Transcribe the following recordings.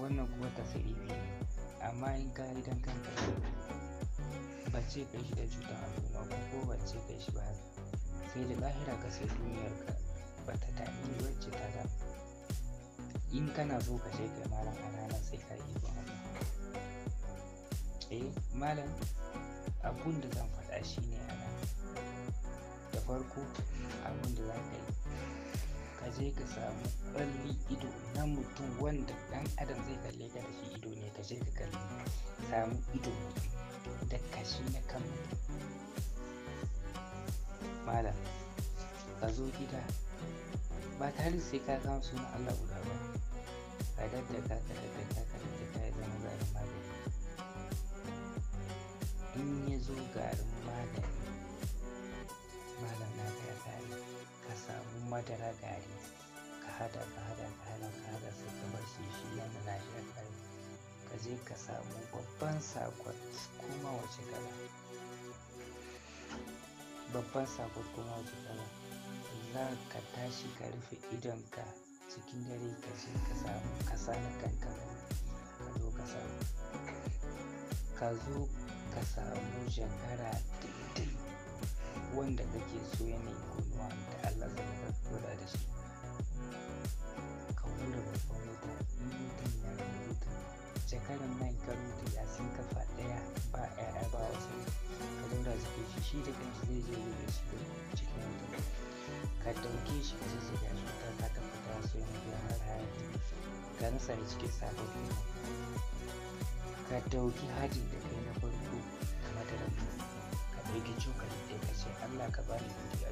wannan kuma tafi amma in ka yi don kanka ba ce kai shi da cutar al'umma ba ko ba ce kai shi ba sai da lahira ka sai duniyar ka ba ta ta yi wacce ta da in kana so ka sai kai malam a ranar sai ka yi ba eh malam abun da zan faɗa shi ne a da farko abun da za ka yi sai ka samu balli ido na mutum wanda ɗan adam zai kalle ka da shi ido ne ka je ka kalle samu ido da kashi na kan malam ka zo gida ba tare sai ka kama suna Allah guda ba ka daddaka ka daddaka ka daddaka ya zama garin magani in ya zo garin magani malam na gaya ka samu madara gari hada ka haɗa ka hada ka haɗa sai ka bar shi shi yana na shi a ka je ka samu babban sakon kuma wace kala babban sakon kuma wace kala za ka tashi ka rufe idonka cikin dare ka je ka samu ka sani kanka ka zo ka samu ka zo ka samu jakara daidai wanda kake so yanayin kunuwa da Allah zai ka da shi ka hura babban wuta mutum na rubuta jakaran nan ka rubuta yasin kafa ɗaya ba ƴaƴa ba wasu ka daura zuke shi shi da kanshi zai je da shi cikin wuta ka dauke shi ka zazzaga shi wuta ka tabbata su yana biya har hayaki ka nasa da cikin sababbi ka dauki hajji da kai na farko ka mata rabu ka ɗauki cokali ɗaya ka ce allah ka bani kuɗi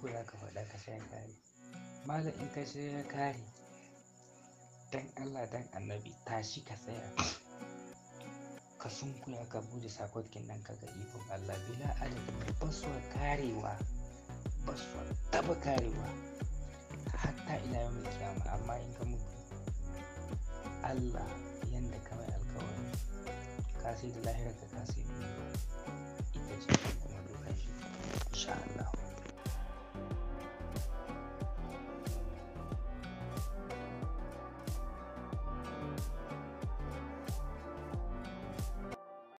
uku za ka faɗa ka sai kari malam in ka sai kari dan allah dan annabi tashi ka tsaya ka sunkuya ka bude sakotkin nan ka ga ikon allah bila adadin ba karewa ba taba karewa hatta ila yau mai kiyama amma in ka mutu allah yanda mai alkawari ka sai da lahirar ka sai da ita ce kuma dokan shi insha allah